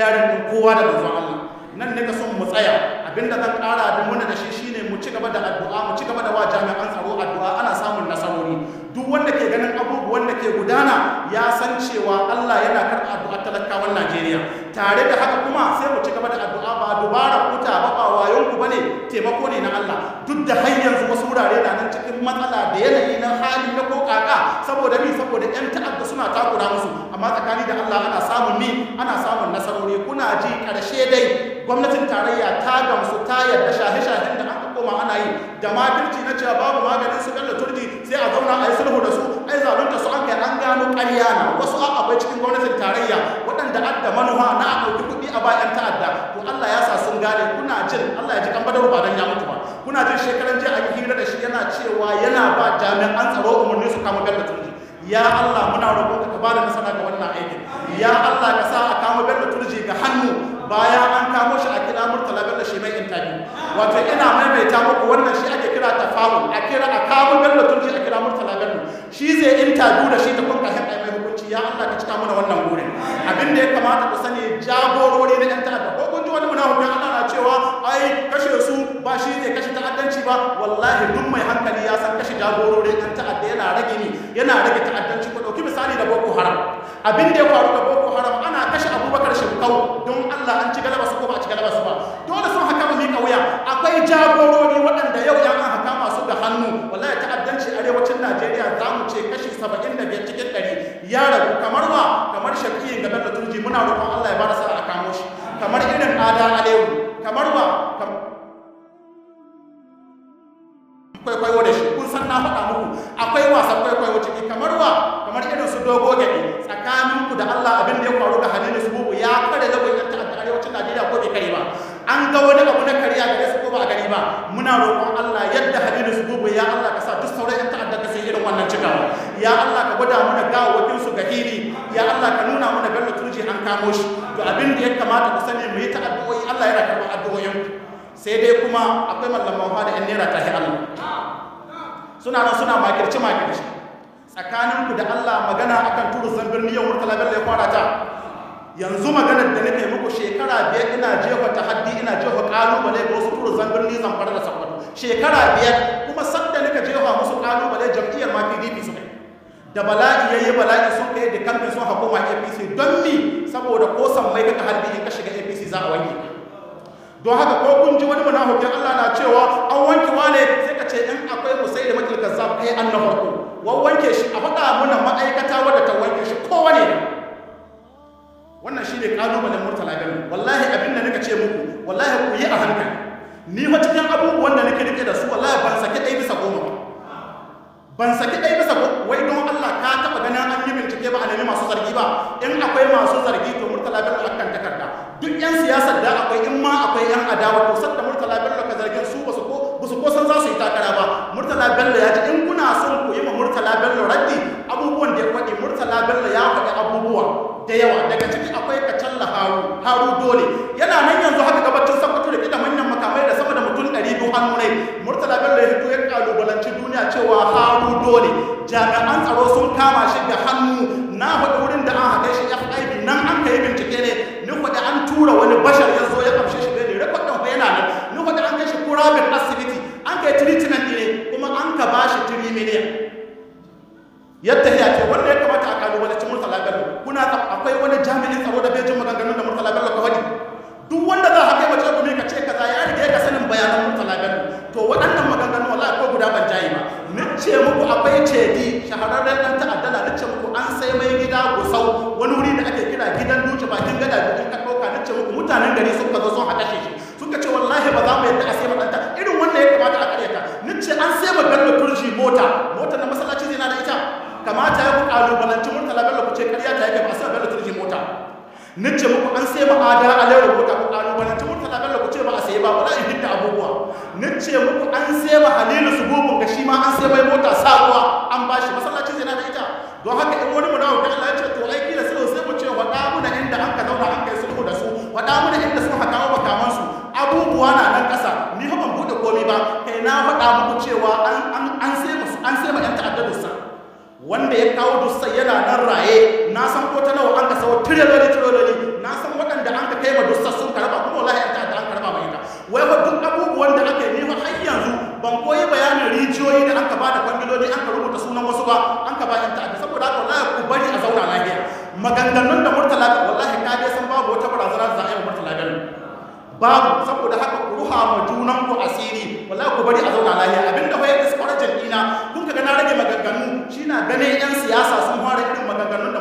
yarin kowa da manzon Allah nan ne ka son mu tsaya abinda zan kara da muna da shi shine mu ci gaba da addu'a mu ci gaba da wa jami'an tsaro addu'a ana samun nasarori duk wanda ke ganin abubuwan da ke gudana ya san cewa Allah yana talakawan Najeriya tare da haka kuma sai mu ci gaba da addu'a ba dubara kuta ba ba wayon ku bane taimako ne na Allah duk da har yanzu wasu wurare na nan cikin matsala da yanayi na hali na ko kaka saboda ni saboda yan ta'adda suna takura musu amma tsakani da Allah ana samun ni ana samun nasarori kuna ji karshe dai gwamnatin tarayya ta gamsu ta yarda shahe-shahen da aka koma ana yi da ma na cewa babu maganin su kalla turji sai a zauna a yi sulhu da su ta'adda manufa na a ɗauki kuɗi a bayan ta'adda to Allah ya sa sun gane kuna jin Allah ya ji kan badar ba ya mutu ba kuna jin shekaran jiya an hira da shi yana cewa yana ba jami'an tsaro umarni su kama da turji ya Allah muna roƙo ka ba da nasara ga wannan aikin ya Allah ka sa a kama da turji ga hannu bayan an kamo shi a kira murtala da shi mai intabi wato ina maimaita muku wannan shi ake kira tafawul a kira a kamo da turji a kira murtala shi zai interview da shi ta kwanka kafin mai hukunci ya Allah ka cika mana wannan gurin abin da ya kamata ku sani jagorori na yan ta'adda ko kun ji wani hukunci Allah na cewa ai kashe su ba shi zai kashe ta'addanci ba wallahi duk mai hankali ya san kashe jagorori yan ta'adda yana rage ni yana rage ta'addanci ku dauki misali da Boko Haram abin da ya faru da Boko Haram ana kashe Abubakar shinkau don Allah an ci galaba su ko ba ci kamar irin ada alewu kamar ba kwaikwayo da shi kun san na faɗa muku akwai wasan kwaikwayo ciki kamar wa kamar irin su dogo gani tsakanin ku da Allah abin da ya faru da Halilu bubu ya kare da bayan ta arewacin Najeriya ko bai kai ba an ga wani abu na kariya gare su ko ba a gani ba muna roƙon Allah yadda Halilu bubu ya Allah ka sa duk sauran yan ta'adda ka sai irin wannan cikawa ya Allah ka gwada mana gawo ka nuna mana bello turji an kamo shi to abin da ya kamata ku sani mu yi ta addu'o'i Allah yana karɓar addu'o'in sai dai kuma akwai mallaman fa da yan naira ta hi Allah suna nan suna makirci makirci ku da Allah magana akan turu birni yau murtala bello ya fara ta yanzu maganar da nake muku shekara biyar ina jefa tahaddi ina jefa kalubale ga wasu turu birni zan fara da sakwato shekara biyar kuma sanda nika jefa da bala'i yi bala'i sun kai da kamfin sun hakoma APC don mi saboda ko san mai ka harbi in ka shiga APC za a wanke don haka ko kun ji wani munafikin Allah na cewa an wanke wane sai ka ce in akwai musai da makil za kai yi annan farko wan wanke shi a faɗa muna ma'aikata wadda ta wanke shi ko wane ne wannan shine kalubalen murtala gani. wallahi abin da nika ce muku wallahi ku yi a hankali ni ma cikin abubuwan da nake rike da su wallahi ban saki ɗaya bisa goma ba ban saki ɗaya bisa goma. je ba a nemi masu zargi ba in akwai masu zargi to murtala bello akan takarda duk yan siyasar da akwai in ma akwai yan adawa to sanda murtala bello ka zargin su ba su ko ba su ko san za su yi takara ba murtala bello ya ji in kuna son ku yi ma murtala bello raddi abubuwan da ya faɗi murtala bello ya faɗi abubuwa da yawa daga ciki akwai kacalla haru haru dole yana nan yanzu haka gabacin sakwato da kita manyan makamai da sama da mutum ɗari biyu hannu ne murtala bello ya fito ya duniya cewa haru dole jami'an tsaro sun kama shi da hannu na faɗi wurin da an haɗe shi na ce muku an sai ma'ada a lai rubuta ku kanu ba na ce muku talakar ku ce ba a sai ba wala in hinta abubuwa na ce muku an sai ma halilu su gobin ga shi ma an sai mai mota ruwa an ba shi masallaci zai na da ita don haka in wani mudawa kan Allah ya ce to ai kila sai sai mu ce wada muna inda an ka zauna an kai sulhu da su wada muna inda sun haka makaman su abubuwa na nan kasa ni fa ban bude komai ba kai na faɗa muku cewa an an sai mu an sai ma yan ta'addar wanda ya kawo dussa yana nan raye na san ko ta nawa an ka sawo tirelori tirelori na san waɗanda an ka kai ma dussa sun karaba kuma wallahi an ta an karaba ma ita wai ba duk abubuwan da aka yi har yanzu ban koyi bayanin rijiyoyi da an ka bada kwangiloli an ka rubuta sunan wasu ba an ka ba ta saboda haka wallahi ku bari a zauna lafiya maganganun da murtala wallahi ka dai san babu wata barazana da za a yi murtala gani babu saboda haka ku ruha ma junan ku asiri wallahi ku bari a zauna lafiya abinda fa ya discourage dina kun ka ga na rage maganganu shi na ganin yan siyasa sun fara irin maganganun da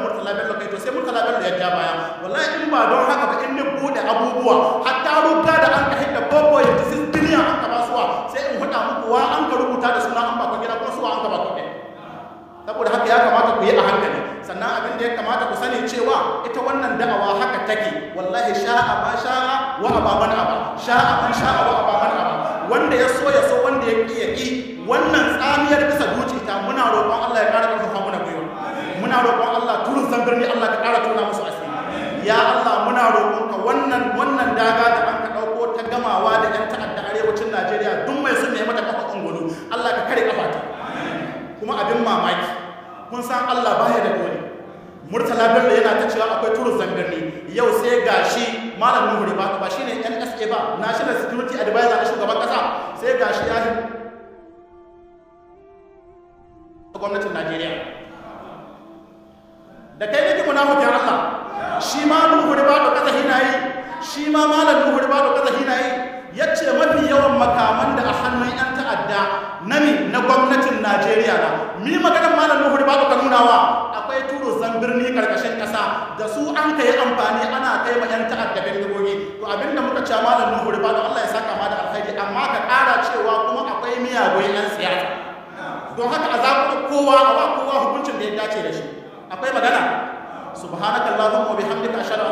abin da ya baya wallahi in ba don haka ba in ni bude abubuwa hatta rubuta da an ka da bobo ya tisi duniya an ka suwa sai in huda muku wa an ka rubuta da suna an bakon gida kuma suwa an ka bakon gida saboda haka ya kamata ku yi a hankali sannan abin da ya kamata ku sani cewa ita wannan da'awa haka take wallahi sha'a ba sha'a wa ba mana ba sha'a man sha'a wa ba mana ba wanda ya so ya so wanda ya ki ya ki wannan tsamiyar bisa duci da kafata kuma abin mamaki kun san Allah ya da dole murtala bello yana ta cewa akwai turu birni yau sai ga shi malam nuhuri ba ba shine NSA ba national security advisor na shugaban kasa sai ga shi ta gwamnatin Najeriya da kai ne kuma na Allah shi ma nuhuri ba da kasa hinayi yi shi ma malam nuhuri ba da kasa hinayi yi nami na gwamnatin najeriya na mi maganar malam nuhu babu kanunawa akwai turo zan birni karkashin kasa da su an kai amfani ana kai ma yan ta'adda bin dubogi to abinda muka ce malam nuhu babu Allah ya saka ma da alkhairi amma ka kara cewa kuma akwai miyagun yan siyasa don haka a zaɓi kowa a ba kowa hukuncin da ya dace da shi akwai magana subhanakallahumma wa bihamdika ashhadu